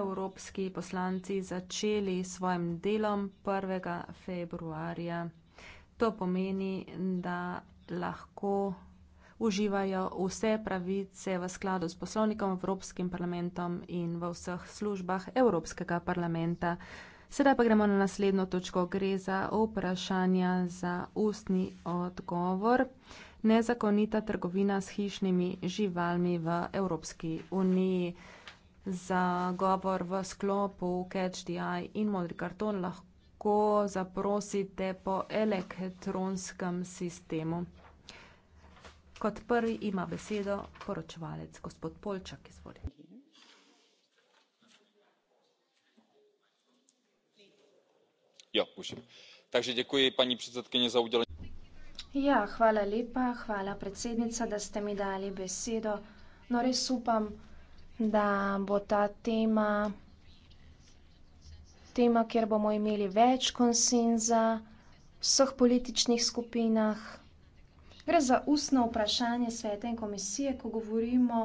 evropski poslanci začeli s svojim delom 1. februarja. To pomeni, da lahko uživajo vse pravice v skladu s poslovnikom Evropskim parlamentom in v vseh službah Evropskega parlamenta. Sedaj pa gremo na naslednjo točko. Gre za vprašanja za ustni odgovor. Nezakonita trgovina s hišnimi živalmi v Evropski uniji za govor v sklopu Catch the Eye in modri karton lahko zaprosite po elektronskem sistemu. Kot prvi ima besedo poročevalec gospod Polčak, izvolite. Ja, pošim. Takže děkuji paní předsedkyně za udělení. Ja, hvala lepa, hvala predsednica, da ste mi dali besedo. No res upam, da bo ta tema tema, kjer bomo imeli več konsenza v vseh političnih skupinah. Gre za ustno vprašanje sveta in komisije, ko govorimo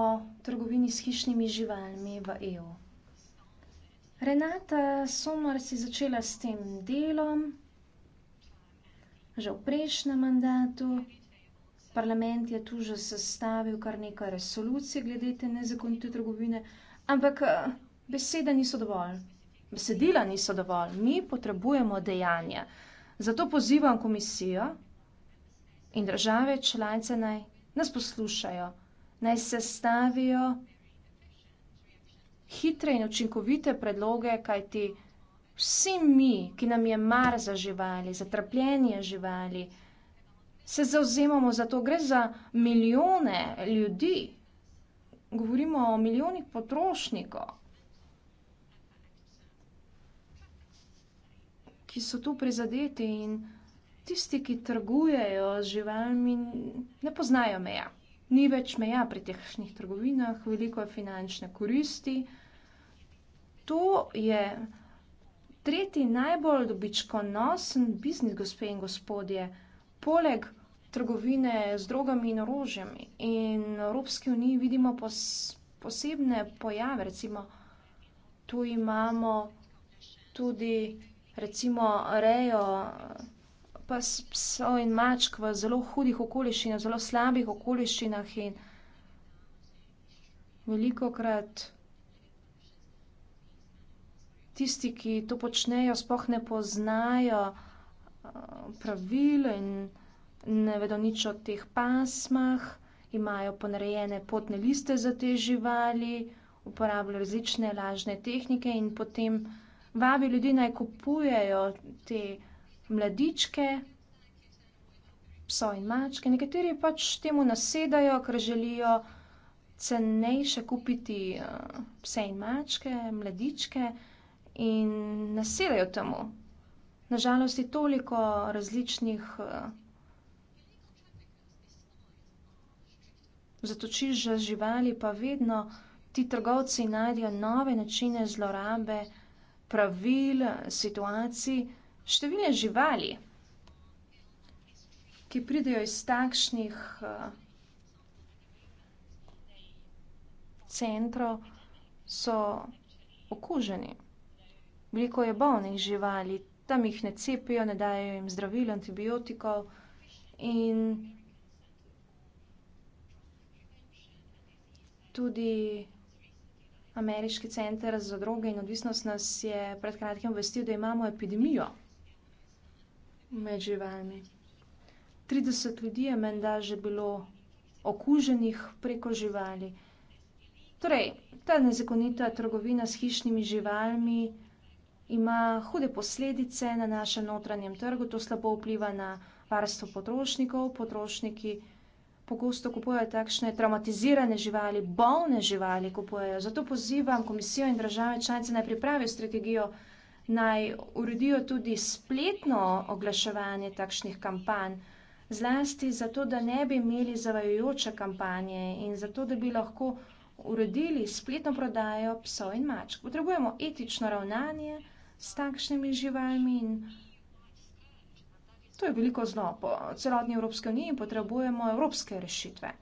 o trgovini s hišnimi živalmi v EU. Renata Somar si začela s tem delom že v prejšnjem mandatu. Parlament je tu že sestavil kar nekaj resolucij glede te nezakonite trgovine, ampak eh, besede niso dovolj. Besedila niso dovolj. Mi potrebujemo dejanja. Zato pozivam komisijo in države članice naj nas poslušajo, naj sestavijo hitre in učinkovite predloge, kajti vsi mi, ki nam je mar za živali, za trpljenje živali, se zauzemamo za to, gre za milijone ljudi, govorimo o milijonih potrošnikov, ki so tu prizadeti in tisti, ki trgujejo z živalmi, ne poznajo meja. Ni več meja pri tehničnih trgovinah, veliko je finančne koristi. To je tretji najbolj dobičkonosen biznis, gospe in gospodje poleg trgovine z drogami in orožjem in Evropske unije vidimo pos, posebne pojave. Recimo, tu imamo tudi recimo, rejo pas, psa in mačk v zelo hudih okoliščinah, zelo slabih okoliščinah in veliko krat. Tisti, ki to počnejo, spohne poznajo, pravil in ne vedo nič o teh pasmah, imajo ponarejene potne liste za te živali, uporabljajo različne lažne tehnike in potem vabi ljudi naj kupujejo te mladičke, pso in mačke. Nekateri pač temu nasedajo, ker želijo cenejše kupiti eh, pse in mačke, mladičke in nasedajo temu. Na žalosti toliko različnih eh, zatočiš za živali, pa vedno ti trgovci najdejo nove načine zlorabe pravil, situacij, številne živali, ki pridejo iz takšnih eh, centrov, so okuženi. Veliko je bolnih živali, tam jih ne cepijo, ne dajo jim zdravil, antibiotikov in tudi ameriški center za droge in odvisnost nas je pred kratkim obvestil, da imamo epidemijo med živalmi. 30 ljudi je menda že bilo okuženih preko živali. Torej, ta nezakonita trgovina s hišnimi živalmi je ima hude posledice na našem notranjem trgu, to slabo vpliva na varstvo potrošnikov. Potrošniki pogosto kupujejo takšne traumatizirane živali, bolne živali kupujejo. Zato pozivam komisijo in države članice naj pripravijo strategijo, naj uredijo tudi spletno oglaševanje takšnih kampanj. Zlasti zato, da ne bi imeli zavajojoče kampanje in zato, da bi lahko uredili spletno prodajo psov in mačk. Potrebujemo etično ravnanje s takšnimi živalmi in to je veliko zno. Po celotni Evropski uniji potrebujemo evropske rešitve,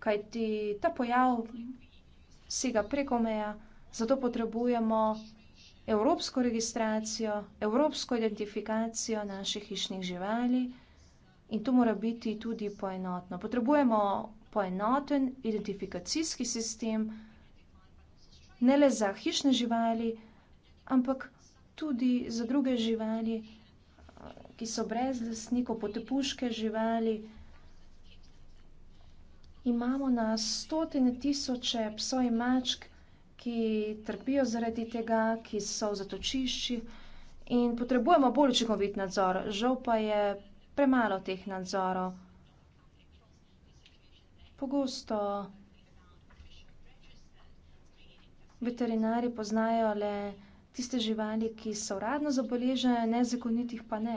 kajti ta pojav sega preko meja, zato potrebujemo evropsko registracijo, evropsko identifikacijo naših hišnih živali in to mora biti tudi poenotno. Potrebujemo poenoten identifikacijski sistem, ne le za hišne živali, ampak tudi tudi za druge živali, ki so brez lastnikov, potepuške živali. Imamo na stotine tisoče psov in mačk, ki trpijo zaradi tega, ki so v zatočišči in potrebujemo bolj učinkovit nadzor. Žal pa je premalo teh nadzorov. Pogosto veterinari poznajo le nekaj, tiste živali, ki so uradno zabeležene, nezakonitih pa ne.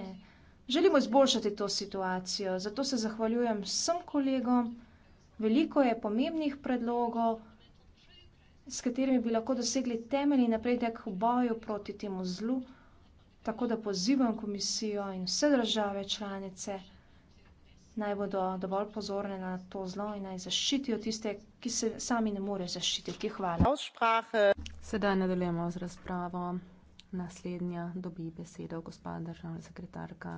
Želimo izboljšati to situacijo, zato se zahvaljujem vsem kolegom. Veliko je pomembnih predlogov, s katerimi bi lahko dosegli temeljni napredek v boju proti temu zlu. Tako da pozivam komisijo in vse države članice, naj bodo dovolj pozorne na to zlo in naj zaščitijo tiste, ki se sami ne morejo zaščititi. Hvala. Ausprache. Sedaj nadaljujemo z razpravo. Naslednja dobi besedo gospa državna sekretarka.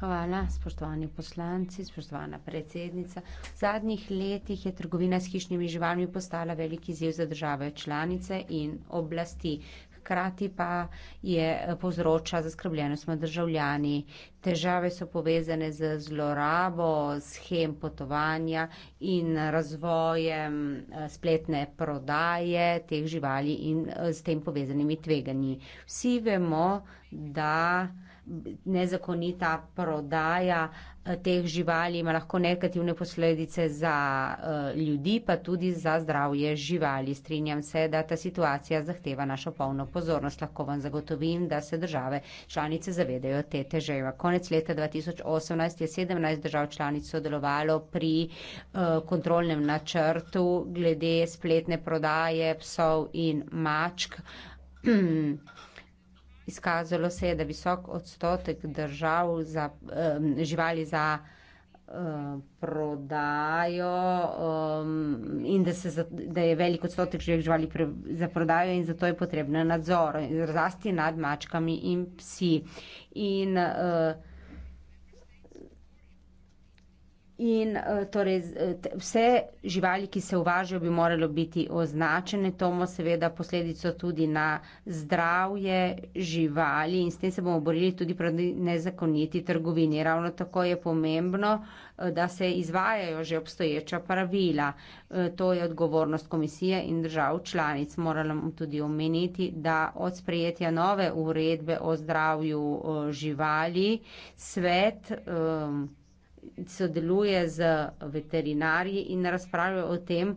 Hvala, spoštovani poslanci, spoštovana predsednica. V zadnjih letih je trgovina s hišnimi živalmi postala veliki ziv za države članice in oblasti hkrati pa je eh, povzroča zaskrbljenost med državljani. Težave so povezane z zlorabo schem potovanja in razvojem eh, spletne prodaje teh živali in eh, s tem povezanimi tveganji. Vsi vemo, da nezakonita prodaja eh, teh živali ima lahko negativne posledice za eh, ljudi, pa tudi za zdravje živali. Strinjam se, da ta situacija zahteva našo polno pozornost. Lahko vam zagotovim, da se države članice zavedajo te težave. Konec leta 2018 je 17 držav članic sodelovalo pri eh, kontrolnem načrtu glede spletne prodaje psov in mačk. Izkazalo se je, da visok odstotek držav za um, živali za um, prodajo um, in da, se, da je velik odstotek živali pre, za prodajo in zato je potrebno nadzor, zlasti nad mačkami in psi. In, uh, In eh, torej, eh, vse živali, ki se uvažajo, bi moralo biti označene. To ima seveda posledico tudi na zdravje živali in s tem se bomo borili tudi proti nezakoniti trgovini. Ravno tako je pomembno, eh, da se izvajajo že obstoječa pravila. To je odgovornost komisije in držav članic. Moralo bomo tudi omeniti, da od sprejetja nove uredbe o zdravju živali svet. Um, sodeluje z veterinarji in razpravlja o tem,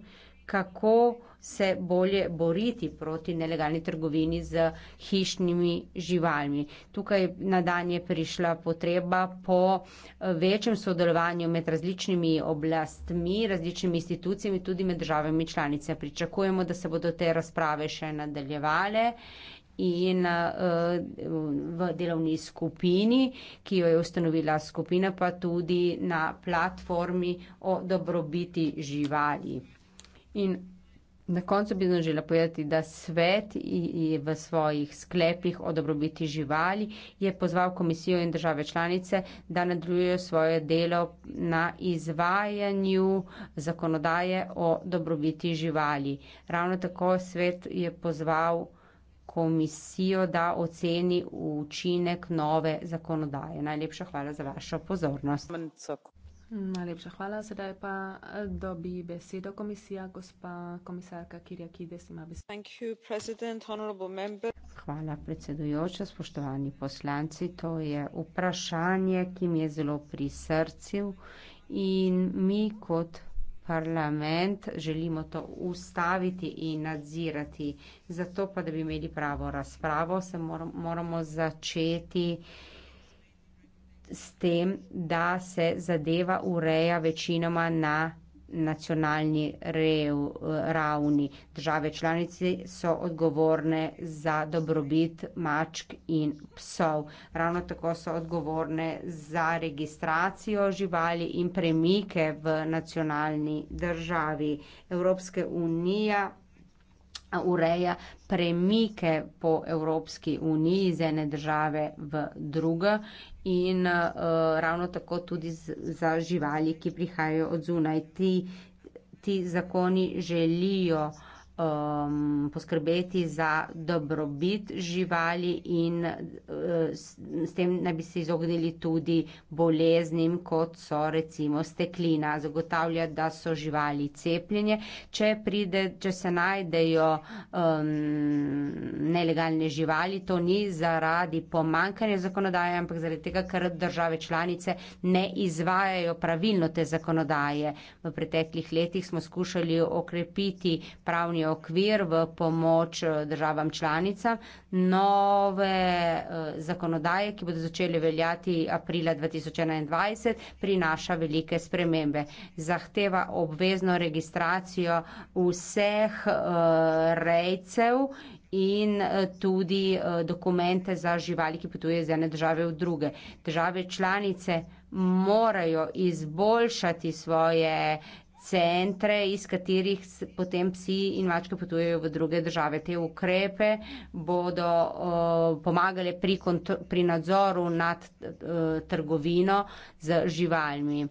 kako se bolje boriti proti nelegalni trgovini z hišnimi živalmi. Tukaj na dan je prišla potreba po eh, večjem sodelovanju med različnimi oblastmi, različnimi institucijami, tudi med državami članice. Pričakujemo, da se bodo te razprave še nadaljevale in eh, v delovni skupini, ki jo je ustanovila skupina, pa tudi na platformi o dobrobiti živali. In na koncu bi želela povedati, da svet je v svojih sklepih o dobrobiti živali je pozval komisijo in države članice, da nadaljujejo svoje delo na izvajanju zakonodaje o dobrobiti živali. Ravno tako svet je pozval, komisijo, da oceni učinek nove zakonodaje. Najlepša hvala za vašo pozornost. Najlepša hvala. Sedaj pa eh, dobi besedo komisija, gospa komisarka Kirja Kides ima besedo. Hvala predsedujoča, spoštovani poslanci. To je vprašanje, ki mi je zelo pri srcu in mi kot parlament, želimo to ustaviti in nadzirati. Zato pa, da bi imeli pravo razpravo, se moramo, moramo začeti s tem, da se zadeva ureja večinoma na nacionalni rev, ravni. Države članice so odgovorne za dobrobit mačk in psov. Ravno tako so odgovorne za registracijo živali in premike v nacionalni državi. Evropske unija ureja premike po Evropski uniji iz ene države v druga in uh, ravno tako tudi z, za živali, ki prihajajo od zunaj. Ti, ti zakoni želijo uh, um, poskrbeti za dobrobit živali in uh, s tem naj bi se izognili tudi boleznim, kot so recimo steklina. Zagotavlja, da so živali cepljenje. Če, pride, če se najdejo um, nelegalne živali, to ni zaradi pomankanja zakonodaje, ampak zaradi tega, ker države članice ne izvajajo pravilno te zakonodaje. V preteklih letih smo skušali okrepiti pravni okvir v pomoč eh, državam članicam nove eh, zakonodaje, ki bodo začeli veljati aprila 2021, prinaša velike spremembe. Zahteva obvezno registracijo vseh eh, rejcev in tudi dokumente za živali, ki potujejo iz ene države v druge. Države članice morajo izboljšati svoje centre, iz katerih potem psi in mačke potujejo v druge države. Te ukrepe bodo uh, pomagale pri, pri nadzoru nad uh, trgovino z živalmi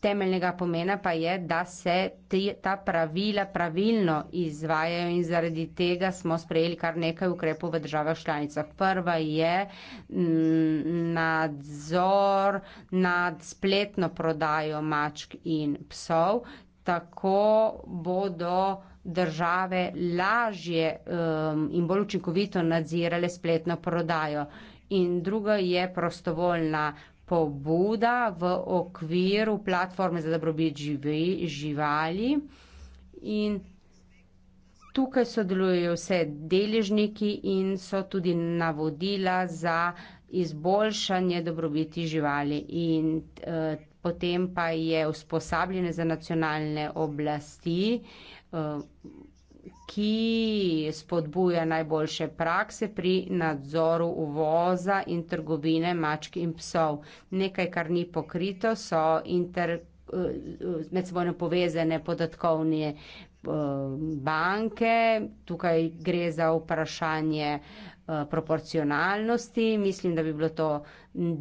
temeljnega pomena pa je, da se te, ta pravila pravilno izvajajo in zaradi tega smo sprejeli kar nekaj ukrepov v državah članicah. Prva je mm, nadzor nad spletno prodajo mačk in psov, tako bodo države lažje um, in bolj učinkovito nadzirale spletno prodajo. In druga je prostovoljna pobuda v okviru platforme za dobrobit živali in tukaj sodelujejo vse deležniki in so tudi navodila za izboljšanje dobrobiti živali in eh, potem pa je usposabljanje za nacionalne oblasti eh, ki spodbuja najboljše prakse pri nadzoru uvoza in trgovine mačk in psov. Nekaj, kar ni pokrito, so inter, eh, med seboj povezane podatkovne eh, banke. Tukaj gre za vprašanje Eh, proporcionalnosti. Mislim, da bi bilo to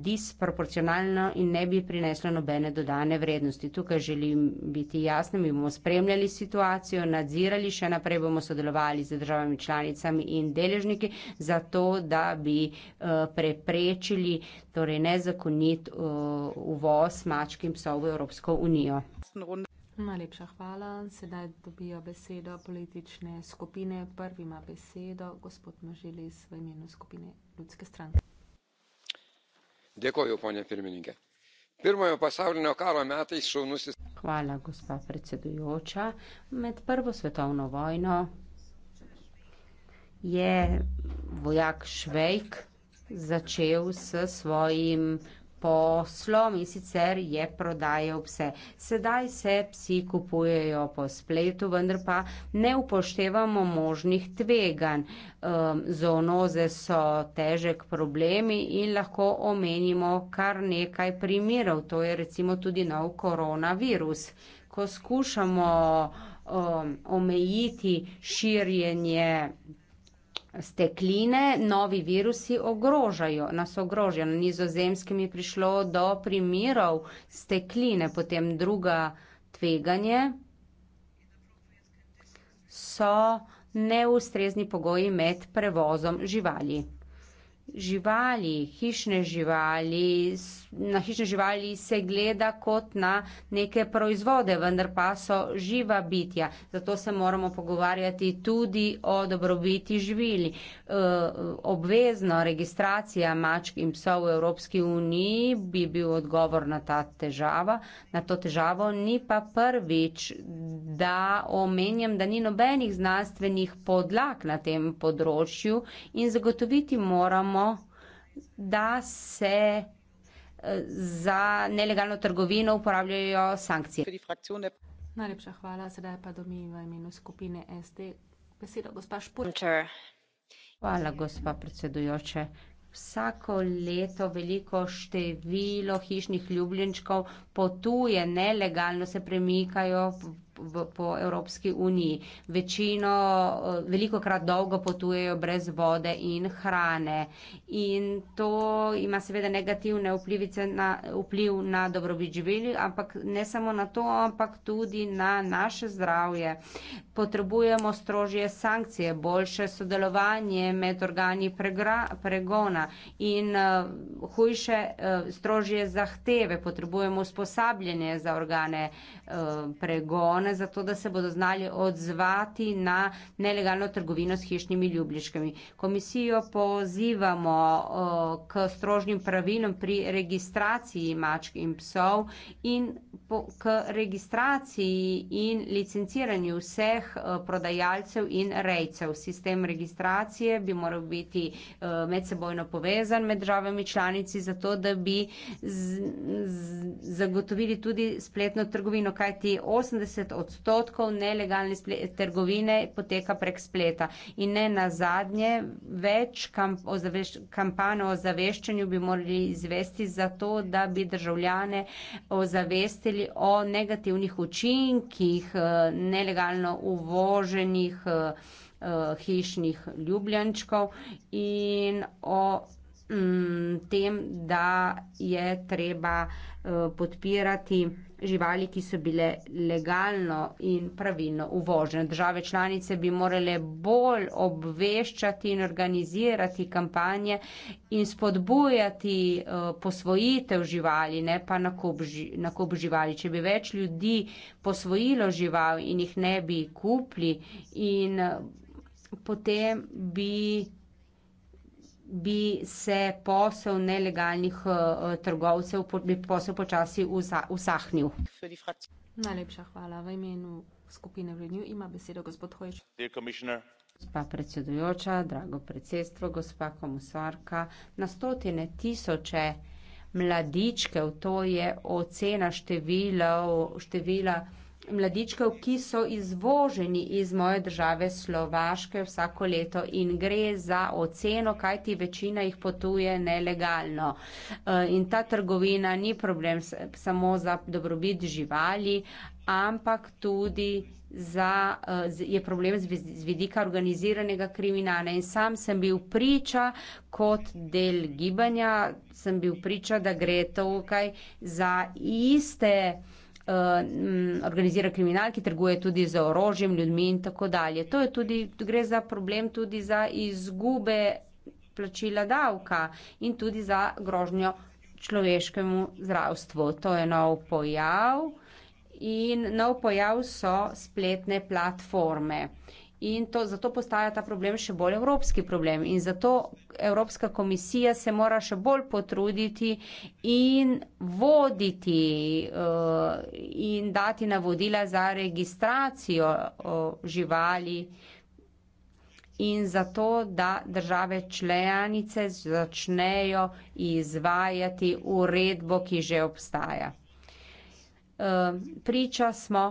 disproporcionalno in ne bi prineslo nobene dodane vrednosti. Tukaj želim biti jasna, mi bomo spremljali situacijo, nadzirali, še naprej bomo sodelovali z državami članicami in deležniki, zato da bi eh, preprečili torej nezakonit eh, uvoz mačk in psov v Evropsko unijo. Najlepša hvala. Sedaj dobijo besedo politične skupine. Prvi ima besedo gospod Mažilis v imenu skupine Ljudske stranke. Dekoju, ponje pirmenike. Pirmojo pasavljeno karo metaj šunusi. Hvala, gospa predsedujoča. Med prvo svetovno vojno je vojak Švejk začel s svojim poslom in sicer je prodajal pse. Sedaj se psi kupujejo po spletu, vendar pa ne upoštevamo možnih tveganj. Zoonoze so težek problemi in lahko omenimo kar nekaj primerov. To je recimo tudi nov koronavirus. Ko skušamo omejiti širjenje stekline novi virusi ogrožajo, nas ogrožajo. Na nizozemskem je prišlo do primirov stekline, potem druga tveganje so neustrezni pogoji med prevozom živali živali, hišne živali, na hišne živali se gleda kot na neke proizvode, vendar pa so živa bitja. Zato se moramo pogovarjati tudi o dobrobiti živili. E, obvezno registracija mačk in psov v Evropski uniji bi bil odgovor na, težava, na to težavo. Ni pa prvič, da omenjam, da ni nobenih znanstvenih podlag na tem področju in zagotoviti moramo, vemo, da se eh, za nelegalno trgovino uporabljajo sankcije. Najlepša hvala, sedaj pa domi v imenu skupine SD. Beseda, gospa Špunčer. Hvala, gospa predsedujoče. Vsako leto veliko število hišnih ljubljenčkov potuje nelegalno, se premikajo v, po Evropski uniji. Večino, eh, veliko krat dolgo potujejo brez vode in hrane. In to ima seveda negativne vplivice na, vpliv na dobrobit živeli, ampak ne samo na to, ampak tudi na naše zdravje. Potrebujemo strožje sankcije, boljše sodelovanje med organi pregra, pregona in uh, hujše, uh, strožje zahteve. Potrebujemo usposabljanje za organe uh, pregona milijone za to, da se bodo znali odzvati na nelegalno trgovino s hišnimi ljubljiškami. Komisijo pozivamo k strožnim pravilom pri registraciji mačk in psov in k registraciji in licenciranju vseh prodajalcev in rejcev. Sistem registracije bi moral biti medsebojno povezan med državami članici, zato da bi z, z, zagotovili tudi spletno trgovino, kajti 80 odstotkov nelegalne trgovine poteka prek spleta. In ne na zadnje, več kampanj o zaveščanju bi morali izvesti zato, da bi državljane ozavestili o negativnih učinkih eh, nelegalno uvoženih eh, eh, hišnih ljubljančkov in o mm, tem, da je treba podpirati živali, ki so bile legalno in pravilno uvožene. Države članice bi morale bolj obveščati in organizirati kampanje in spodbujati uh, posvojitev živali, ne pa nakup, ži, nakup živali. Če bi več ljudi posvojilo živali in jih ne bi kupili, in uh, potem bi bi se posel nelegalnih eh, trgovcev, bi posel počasi usahnil. Najlepša hvala. V imenu skupine Renew ima besedo gospod Hojč. Gospa predsedujoča, drago predsedstvo, gospa komusarka, na stotine tisoče mladičkev, to je ocena števila, števila mladičkov, ki so izvoženi iz moje države Slovaške vsako leto in gre za oceno, kaj ti večina jih potuje nelegalno. Eh, in ta trgovina ni problem samo za dobrobit živali, ampak tudi za, eh, je problem z vidika organiziranega kriminala. In sam sem bil priča kot del gibanja, sem bil priča, da gre tukaj za iste Eh, organizira kriminal, ki trguje tudi za orožjem, ljudmi in tako dalje. To je tudi, gre za problem tudi za izgube plačila davka in tudi za grožnjo človeškemu zdravstvu. To je nov pojav in nov pojav so spletne platforme. In to, zato postaja ta problem še bolj evropski problem. In zato Evropska komisija se mora še bolj potruditi in voditi uh, in dati navodila za registracijo uh, živali. In zato, da države članice začnejo izvajati uredbo, ki že obstaja. Uh, priča smo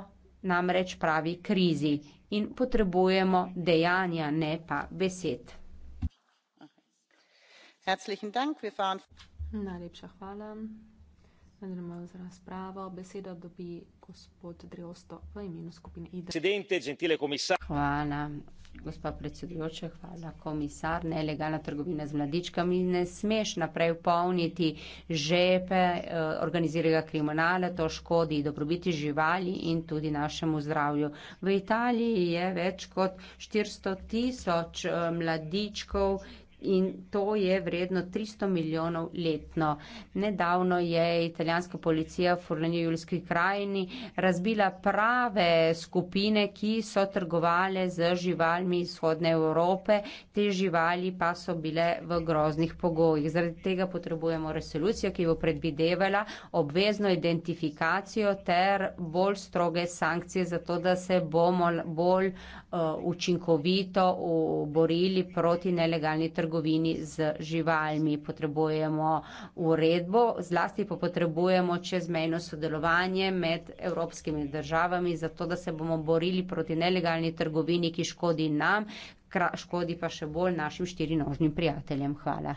namreč pravi krizi in potrebujemo dejanja, ne pa besed. Najlepša hvala. Hvala, gospa predsedujoča, hvala, komisar. Nelegalna trgovina z mladičkami ne smeš naprej polniti žepe eh, organiziranega kriminala, to škodi dobrobiti živali in tudi našemu zdravju. V Italiji je več kot 400 tisoč eh, mladičkov, In to je vredno 300 milijonov letno. Nedavno je italijanska policija v Furlanijulski krajini razbila prave skupine, ki so trgovale z živalmi izhodne Evrope. Te živali pa so bile v groznih pogojih. Zaradi tega potrebujemo resolucijo, ki bo predvidevala obvezno identifikacijo ter bolj stroge sankcije, zato da se bomo bolj uh, učinkovito borili proti nelegalni trgovini trgovini z živalmi. Potrebujemo uredbo, zlasti pa potrebujemo čezmejno sodelovanje med evropskimi državami, zato da se bomo borili proti nelegalni trgovini, ki škodi nam. Škodi pa še bolj našim štirinožnim prijateljem. Hvala.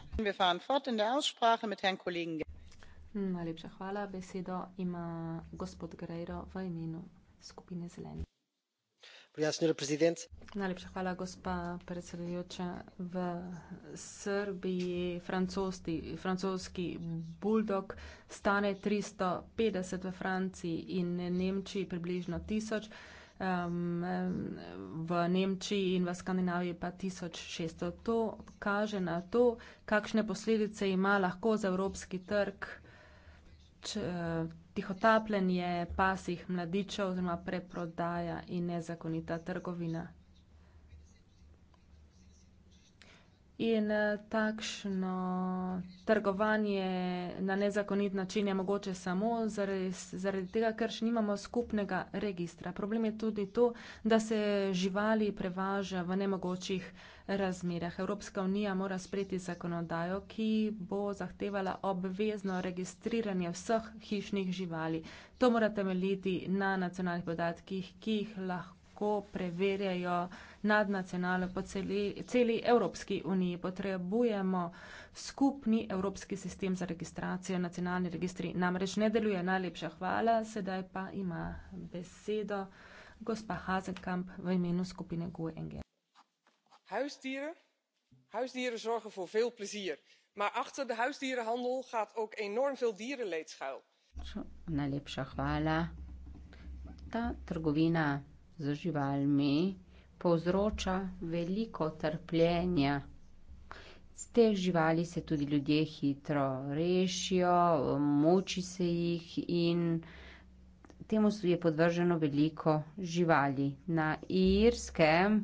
Najlepša hvala. Besedo ima gospod Grejro v imenu skupine Zeleni. Pojasnila predsednica. Najlepša hvala, gospa predsedujoča. V Srbiji francoski, francoski buldog stane 350, v Franciji in Nemčiji približno 1000, um, v Nemčiji in v Skandinaviji pa 1600. To kaže na to, kakšne posledice ima lahko za evropski trg. Če, tihotapljenje pasih mladičev oziroma preprodaja in nezakonita trgovina. In eh, takšno trgovanje na nezakonit način je mogoče samo zaradi, zaradi tega, ker še nimamo skupnega registra. Problem je tudi to, da se živali prevaža v nemogočih razmerah. Evropska unija mora spreti zakonodajo, ki bo zahtevala obvezno registriranje vseh hišnih živali. To mora temeljiti na nacionalnih podatkih, ki jih lahko preverjajo nadnacionalno po celi, celi Evropski uniji. Potrebujemo skupni evropski sistem za registracijo. Nacionalni registri namreč ne deluje. Najlepša hvala, sedaj pa ima besedo. Gospa Hazekamp v imenu skupine GUE-NGE huisdieren huisdieren zorgen voor veel plezier maar achter de huisdierenhandel gaat ook enorm veel dierenleed schuil. Najlepša hvala. Ta trgovina z živalmi povzroča veliko trpljenja. Z te živali se tudi ljudje hitro rešijo, moči se jih in temu je podvrženo veliko živali. Na Irskem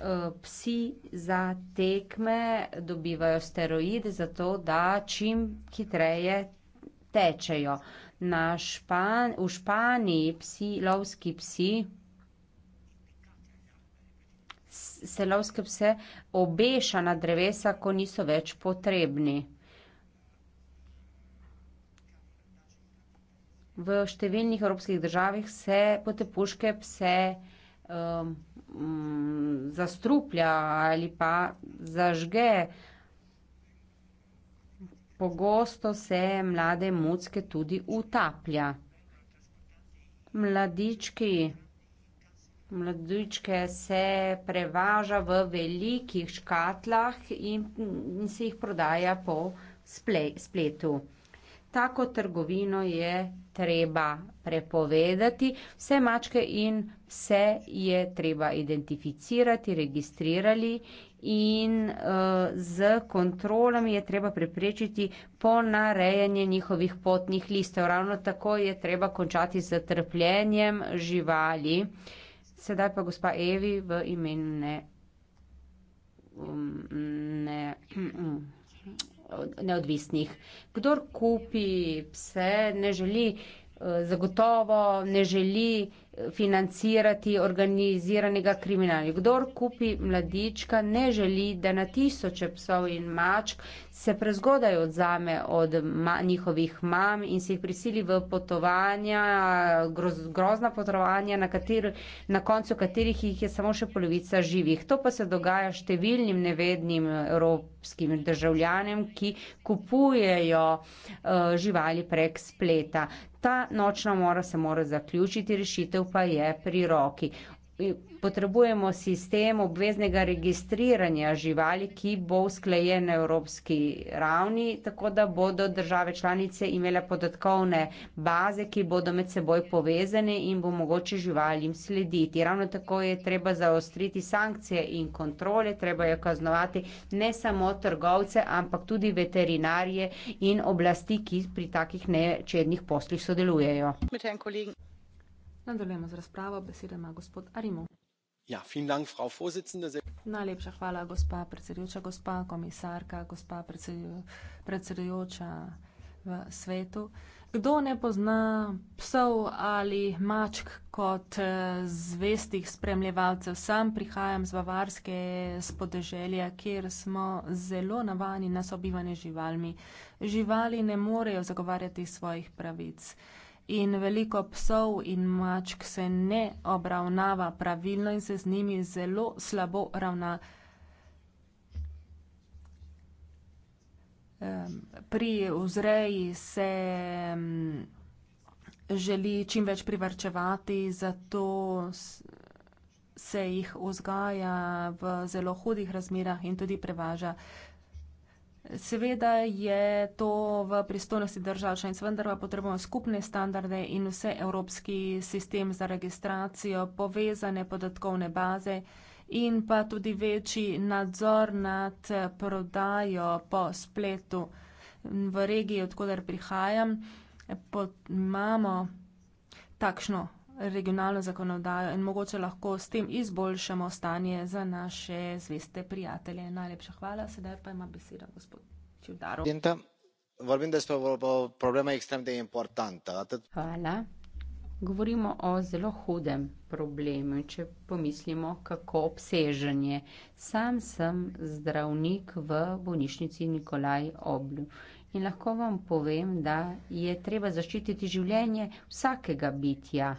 Eh, psi za tekme dobivajo steroide zato, da čim hitreje tečejo. Na Špan v Španiji psi, lovski psi se lovske pse obeša na drevesa, ko niso več potrebni. V številnih evropskih državah se potepuške pse Um, zastruplja ali pa zažge. Pogosto se mlade mucke tudi utaplja. Mladički, mladičke se prevaža v velikih škatlah in, in se jih prodaja po spletu tako trgovino je treba prepovedati, vse mačke in vse je treba identificirati, registrirati in uh, z kontrolami je treba preprečiti ponarejanje njihovih potnih listov. Ravno tako je treba končati z trpljenjem živali. Sedaj pa gospa Evi v imenu ne. Um, ne um, um neodvisnih. Kdor kupi pse, ne želi, eh, zagotovo ne želi financirati organiziranega kriminala. Kdor kupi mladička, ne želi, da na tisoče psov in mačk se prezgodaj odzame od ma njihovih mam in se jih prisili v potovanja, groz grozna potovanja, na, kateri, na koncu katerih jih je samo še polovica živih. To pa se dogaja številnim nevednim evropskim državljanem, ki kupujejo uh, živali prek spleta. Ta nočna mora se mora zaključiti, rešitev storitev pa je pri roki. Potrebujemo sistem obveznega registriranja živali, ki bo usklajen na evropski ravni, tako da bodo države članice imele podatkovne baze, ki bodo med seboj povezane in bo mogoče živalim slediti. Ravno tako je treba zaostriti sankcije in kontrole, treba je kaznovati ne samo trgovce, ampak tudi veterinarje in oblasti, ki pri takih nečednih poslih sodelujejo. Nadaljujemo z razpravo. Besedo ima gospod Arimo. Ja, dank, frau Najlepša hvala, gospa predsedujoča, gospa komisarka, gospa predsedujoča v svetu. Kdo ne pozna psov ali mačk kot zvestih spremljevalcev? Sam prihajam z Bavarske spodeželja, kjer smo zelo navani na sobivanje živalmi. Živali ne morejo zagovarjati svojih pravic in veliko psov in mačk se ne obravnava pravilno in se z njimi zelo slabo ravna. Pri vzreji se želi čim več privrčevati, zato se jih vzgaja v zelo hudih razmerah in tudi prevaža. Seveda je to v pristojnosti držav članic, vendar pa potrebujemo skupne standarde in vse evropski sistem za registracijo, povezane podatkovne baze in pa tudi večji nadzor nad prodajo po spletu v regiji, odkudar prihajam. Pot, imamo takšno regionalno zakonodajo in mogoče lahko s tem izboljšamo stanje za naše zveste prijatelje. Najlepša hvala, sedaj pa ima beseda gospod Čudarov. Vrbim, da smo problema ekstremno importanta. Hvala. Govorimo o zelo hudem problemu, če pomislimo, kako obsežen je. Sam sem zdravnik v bolnišnici Nikolaj Oblju in lahko vam povem, da je treba zaščititi življenje vsakega bitja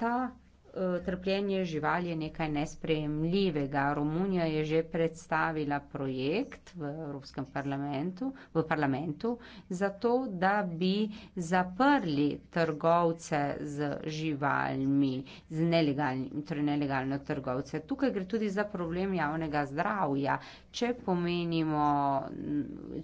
ta e, trpljenje živali je nekaj nesprejemljivega. Romunija je že predstavila projekt v Evropskem parlamentu, v parlamentu, zato da bi zaprli trgovce z živalmi, z nelegalni, torej nelegalne trgovce. Tukaj gre tudi za problem javnega zdravja. Če pomenimo,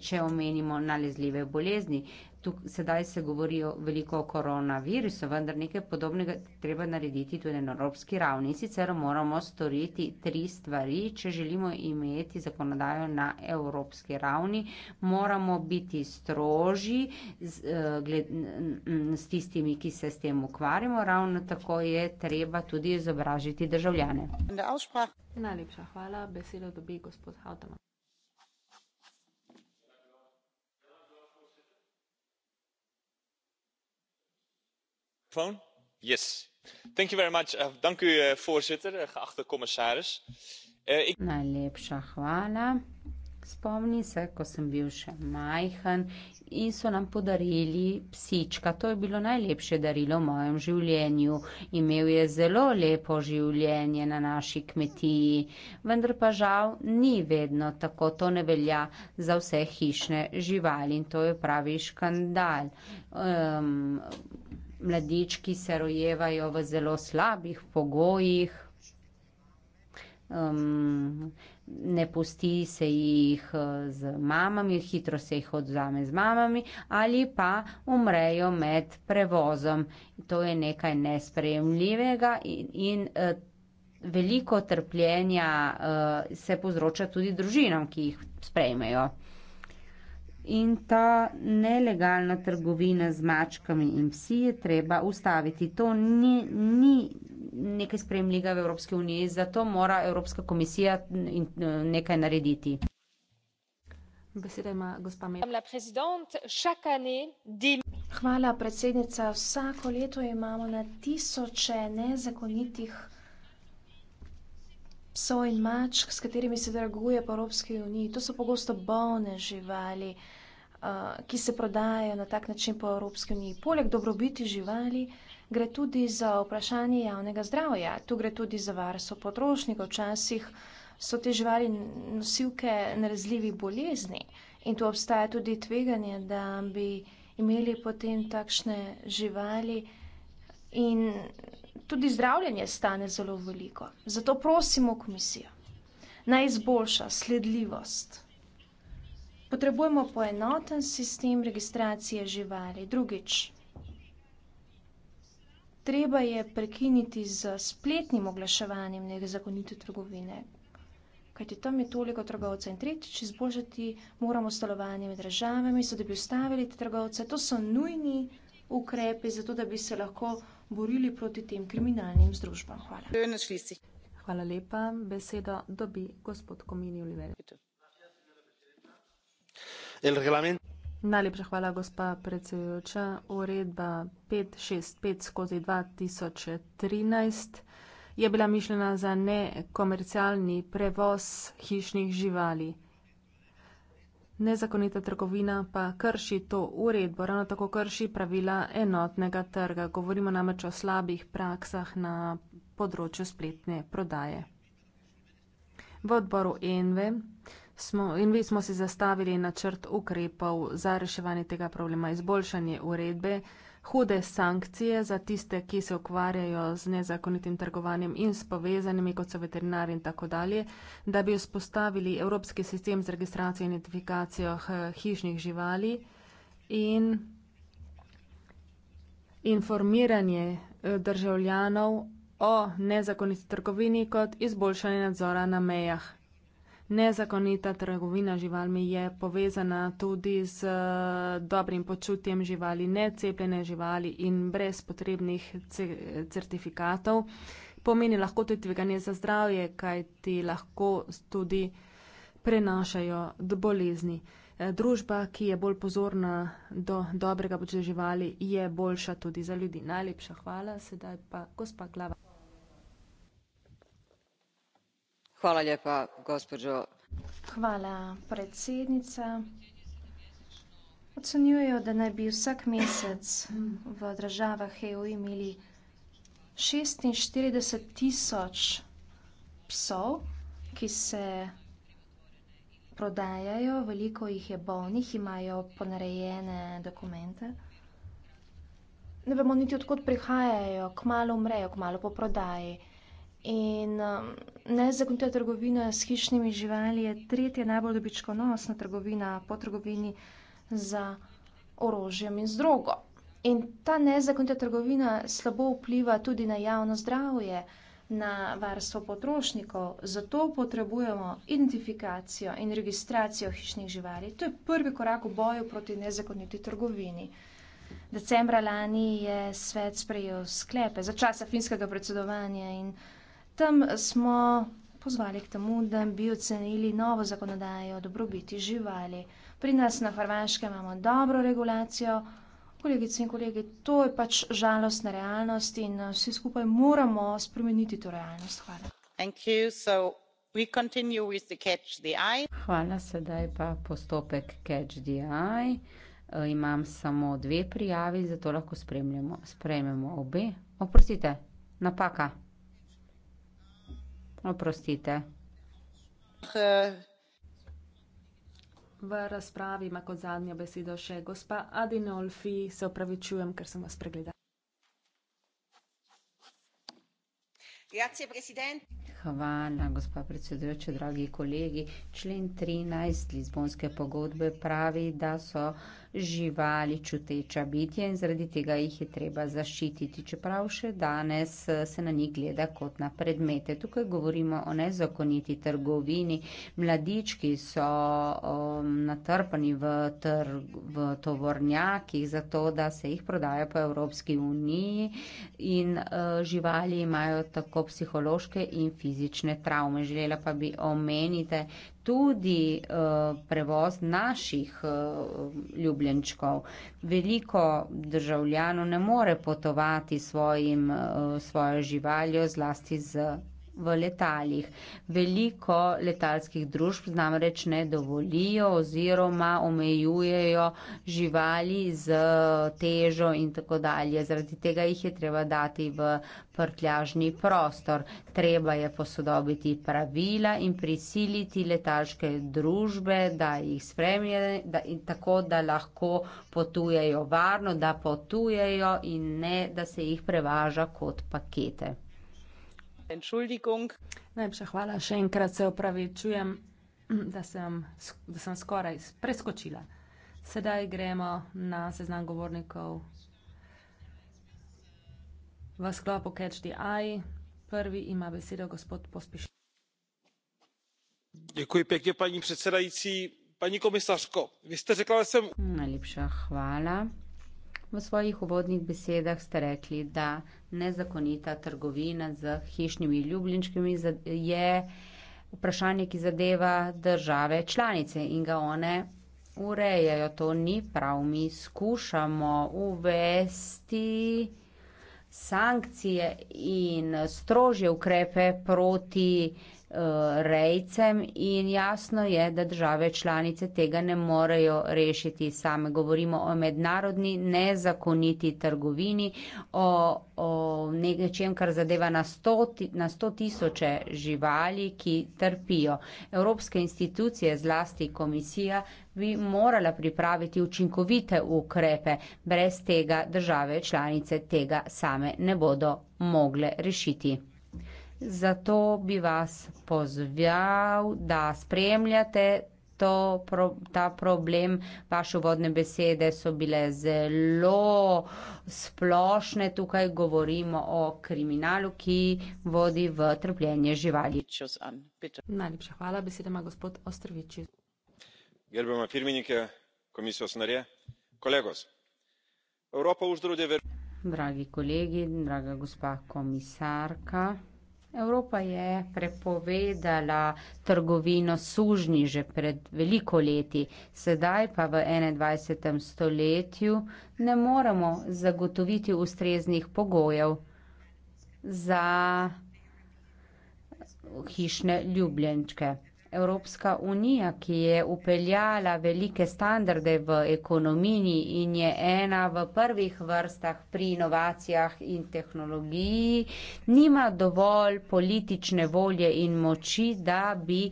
če omenimo nalezljive bolezni, tuk, sedaj se govori o veliko o koronavirusu, vendar nekaj podobnega treba narediti tudi na evropski ravni. In sicer moramo storiti tri stvari, če želimo imeti zakonodajo na evropski ravni. Moramo biti stroži z, eh, gled, s tistimi, ki se s tem ukvarjamo. Ravno tako je treba tudi izobražiti državljane. Najlepša hvala, besedo dobi gospod Hautama. Eh, eh, voorzitter eh, geachte commissaris. Najlepša hvala. Spomni se, ko sem bil še majhen in so nam podarili psička. To je bilo najlepše darilo v mojem življenju. Imel je zelo lepo življenje na naši kmetiji, vendar pa žal ni vedno tako. To ne velja za vse hišne živali in to je pravi škandal. Um, mladički se rojevajo v zelo slabih pogojih. Um, ne pusti se jih uh, z mamami, hitro se jih odzame z mamami ali pa umrejo med prevozom. To je nekaj nespremljivega in, in uh, veliko trpljenja uh, se povzroča tudi družinam, ki jih sprejmejo in ta nelegalna trgovina z mačkami in psi je treba ustaviti. To ni, ni nekaj spremljega v Evropski uniji, zato mora Evropska komisija nekaj narediti. Hvala, predsednica. Vsako leto imamo na tisoče nezakonitih psov in mačk, s katerimi se draguje po Evropski uniji. To so pogosto bolne živali. Eh, ki se prodajajo na tak način po Evropski uniji. Poleg dobrobiti živali gre tudi za vprašanje javnega zdravja. Tu gre tudi za varstvo potrošnikov. Včasih so te živali nosilke nerezljivih bolezni in tu obstaja tudi tveganje, da bi imeli potem takšne živali in tudi zdravljenje stane zelo veliko. Zato prosimo komisijo, naj izboljša sledljivost. Potrebujemo poenoten sistem registracije živali. Drugič, treba je prekiniti z spletnim oglaševanjem nezakonite trgovine, kajti tam je toliko trgovcev. In tretjič, izboljšati moramo stolovanje med državami, so da bi ustavili te trgovce. To so nujni ukrepi, zato da bi se lahko borili proti tem kriminalnim združbam. Hvala. Hvala lepa. Besedo dobi gospod Komini Oliver el reglamento. Najlepša hvala, gospa predsedujoča. Uredba 565 skozi 2013 je bila mišljena za nekomercialni prevoz hišnih živali. Nezakonita trgovina pa krši to uredbo, ravno tako krši pravila enotnega trga. Govorimo namreč o slabih praksah na področju spletne prodaje. V odboru ENVE smo, in vi smo si zastavili načrt ukrepov za reševanje tega problema, izboljšanje uredbe, hude sankcije za tiste, ki se ukvarjajo z nezakonitim trgovanjem in s povezanimi, kot so veterinari in tako dalje, da bi vzpostavili evropski sistem z registracijo in identifikacijo eh, hišnih živali in informiranje eh, državljanov o nezakoniti trgovini kot izboljšanje nadzora na mejah. Nezakonita trgovina živalmi je povezana tudi z eh, dobrim počutjem živali, necepljene živali in brez potrebnih certifikatov. Pomeni lahko tudi tveganje za zdravje, kaj ti lahko tudi prenašajo do bolezni. Eh, družba, ki je bolj pozorna do dobrega počutja živali, je boljša tudi za ljudi. Najlepša hvala, sedaj pa gospa Glava. gospa predsednica ocenjujejo da naj bi vsak mesec v državah eu imeli šestinštirideset tisoč psov ki se prodajajo veliko jih je bolnih imajo ponarejene dokumente ne vemo niti od kod prihajajo kmalu umrejo kmalu po prodaji In um, nezakonita trgovina s hišnimi živali je tretja najbolj dobičkonosna trgovina po trgovini z orožjem in z drogo. In ta nezakonita trgovina slabo vpliva tudi na javno zdravje, na varstvo potrošnikov. Zato potrebujemo identifikacijo in registracijo hišnih živali. To je prvi korak v boju proti nezakoniti trgovini. Decembra lani je svet sprejel sklepe za časa finskega predsedovanja in Tam smo pozvali k temu, da bi ocenili novo zakonodajo o dobrobiti živali. Pri nas na Hrvaškem imamo dobro regulacijo. Kolegice in kolegi, to je pač žalostna realnost in eh, vsi skupaj moramo spremeniti to realnost. Hvala. Hvala, sedaj pa postopek Catch the Eye. Eh, imam samo dve prijavi, zato lahko spremljamo. Spremljamo obe. Oprostite, napaka. V razpravi ima kot zadnjo besedo še gospa Adinolfi, se upravičujem, ker sem vas pregledala. Hvala, gospa predsedujoča, dragi kolegi. Člen 13 Lizbonske pogodbe pravi, da so živali čuteča bitja in zaradi tega jih je treba zaščititi, čeprav še danes eh, se na njih gleda kot na predmete. Tukaj govorimo o nezakoniti trgovini. Mladički so um, natrpani v, trg, v tovornjakih zato, da se jih prodaja po Evropski uniji in uh, živali imajo tako psihološke in fizične travme. Želela pa bi omenite tudi eh, prevoz naših eh, ljubljenčkov. Veliko državljanov ne more potovati svojim, eh, svojo živaljo, zlasti z v letalih. Veliko letalskih družb namreč ne dovolijo oziroma omejujejo živali z težo in tako dalje. Zaradi tega jih je treba dati v prtljažni prostor. Treba je posodobiti pravila in prisiliti letalske družbe, da jih spremlje da, in tako, da lahko potujejo varno, da potujejo in ne, da se jih prevaža kot pakete. Entschuldigung. Najlepša hvala, še enkrat se opravičujem, da sem, da sem skoraj preskočila. Sedaj gremo na seznam govornikov v sklopu Catch the Eye. Prvi ima besedo gospod Pospiš. Děkuji pěkně, paní předsedající. Paní komisařko, vy jste řekla, že jsem... Najlepša hvala. V svojih uvodnih besedah ste rekli, da nezakonita trgovina z hišnimi ljubljenčkami je vprašanje, ki zadeva države članice in ga one urejajo. To ni prav. Mi skušamo uvesti sankcije in strožje ukrepe proti uh, Eh, rejcem in jasno je, da države članice tega ne morejo rešiti same. Govorimo o mednarodni nezakoniti trgovini, o, o nečem, kar zadeva na sto, na sto tisoče živali, ki trpijo. Evropske institucije, zlasti komisija, bi morala pripraviti učinkovite ukrepe. Brez tega države članice tega same ne bodo mogle rešiti. Zato bi vas pozval, da spremljate to, pro, ta problem. Vaše vodne besede so bile zelo splošne. Tukaj govorimo o kriminalu, ki vodi v trpljenje živali. Najlepša hvala. Besede ima gospod Ostrovič. Gerbama firminike, komisijo snarje, kolegos. Evropa uždrudi ver. Dragi kolegi, draga gospa komisarka. Evropa je prepovedala trgovino sužnji že pred veliko leti, sedaj pa v 21. stoletju ne moremo zagotoviti ustreznih pogojev za hišne ljubljenčke. Evropska unija, ki je upeljala velike standarde v ekonomini in je ena v prvih vrstah pri inovacijah in tehnologiji, nima dovolj politične volje in moči, da bi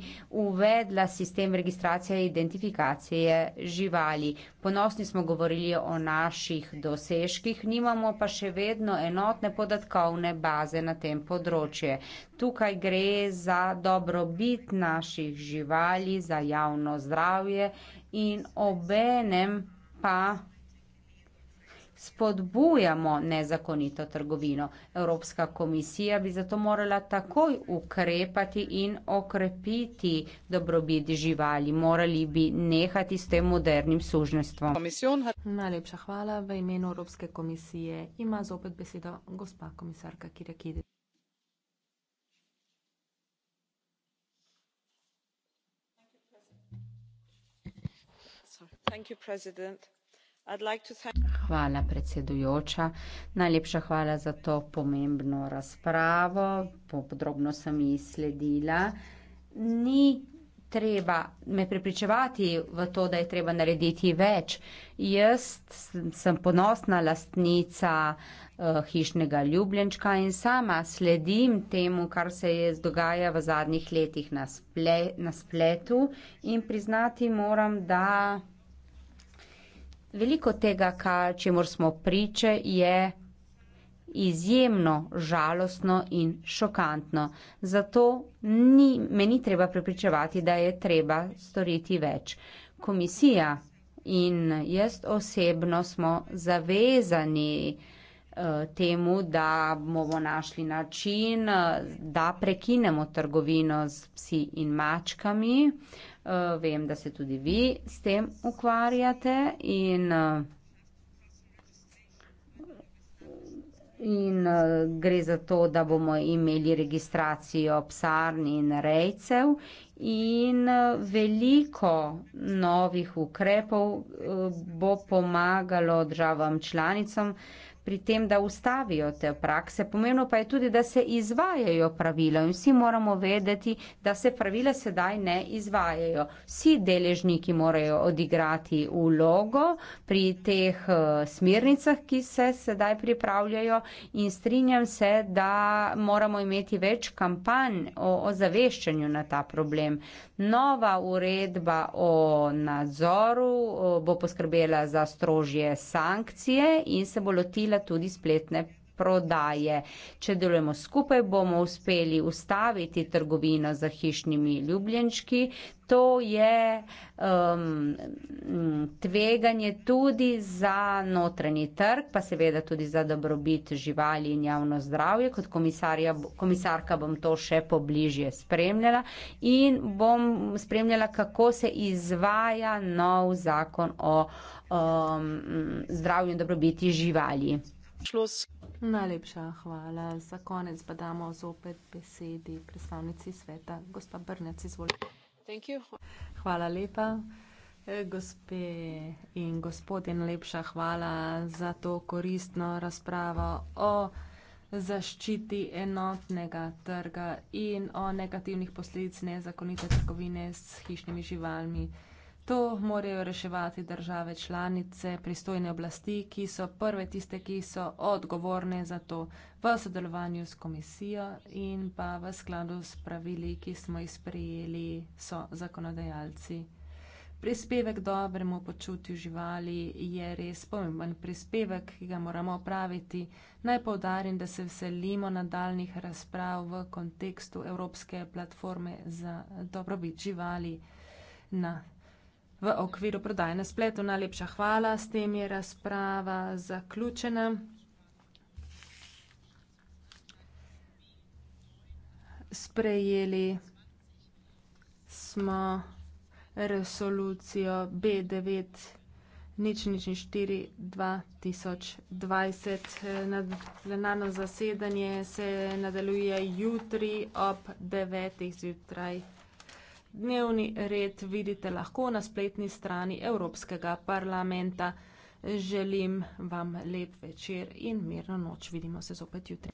uvedla sistem registracije in identifikacije živali. Ponosni smo govorili o naših dosežkih, nimamo pa še vedno enotne podatkovne baze na tem področju. Tukaj gre za dobrobit naših živali, za javno zdravje in obenem pa spodbujamo nezakonito trgovino. Evropska komisija bi zato morala takoj ukrepati in okrepiti dobrobit živali. Morali bi nehati s tem modernim služnostvom. Najlepša hvala. V imenu Evropske komisije ima zopet besedo gospa komisarka Kirakidi. Hvala, predsedujoča. Najlepša hvala za to pomembno razpravo. Podrobno sem ji sledila. Ni treba me prepričevati v to, da je treba narediti več. Jaz sem ponosna lastnica uh, hišnega ljubljenčka in sama sledim temu, kar se je dogaja v zadnjih letih na, sple, na spletu in priznati moram, da Veliko tega, kar čemu smo priče, je izjemno žalostno in šokantno. Zato ni, me ni treba prepričevati, da je treba storiti več. Komisija in jaz osebno smo zavezani eh, temu, da bomo našli način, eh, da prekinemo trgovino s psi in mačkami. Uh, Uh, vem, da se tudi vi s tem ukvarjate in, uh, in uh, gre za to, da bomo imeli registracijo psarni in rejcev in uh, veliko novih ukrepov uh, bo pomagalo državam članicam uh, pri tem, da ustavijo te prakse. Pomembno pa je tudi, da se izvajajo pravila in vsi moramo vedeti, da se pravila sedaj ne izvajajo. Vsi deležniki morajo odigrati ulogo pri teh eh, smirnicah, ki se sedaj pripravljajo in strinjam se, da moramo imeti več kampanj o, o zaveščanju na ta problem. Nova uredba o nadzoru eh, bo poskrbela za strožje sankcije in se bo lotila tudi spletne prodaje. Če delujemo skupaj, bomo uspeli ustaviti trgovino za hišnimi ljubljenčki. To je um, tveganje tudi za notranji trg, pa seveda tudi za dobrobit živali in javno zdravje. Kot komisarka bom to še pobližje spremljala in bom spremljala, kako se izvaja nov zakon o um, zdravju in dobrobiti živali. Najlepša hvala. Za konec pa damo zopet besedi predstavnici sveta, gospa Brnec, izvolite. Hvala lepa. E, gospe in gospodje, najlepša hvala za to koristno razpravo o zaščiti enotnega trga in o negativnih posledic nezakonite trgovine s hišnimi živalmi. To morajo reševati države članice, pristojne oblasti, ki so prve tiste, ki so odgovorne za to v sodelovanju s komisijo in pa v skladu s pravili, ki smo jih sprejeli, so zakonodajalci. Prispevek dobremu počutju živali je res pomemben prispevek, ki ga moramo opraviti. Naj povdarim, da se veselimo nadaljnih razprav v kontekstu Evropske platforme za dobrobit živali na v okviru prodaje na spletu. Najlepša hvala, s tem je razprava zaključena. Sprejeli smo resolucijo B9. Nič, nič, nič, 4, 2020. Plenarno zasedanje se nadaljuje jutri ob 9. zjutraj. Dnevni red vidite lahko na spletni strani Evropskega parlamenta. Želim vam lep večer in mirno noč. Vidimo se zopet jutri.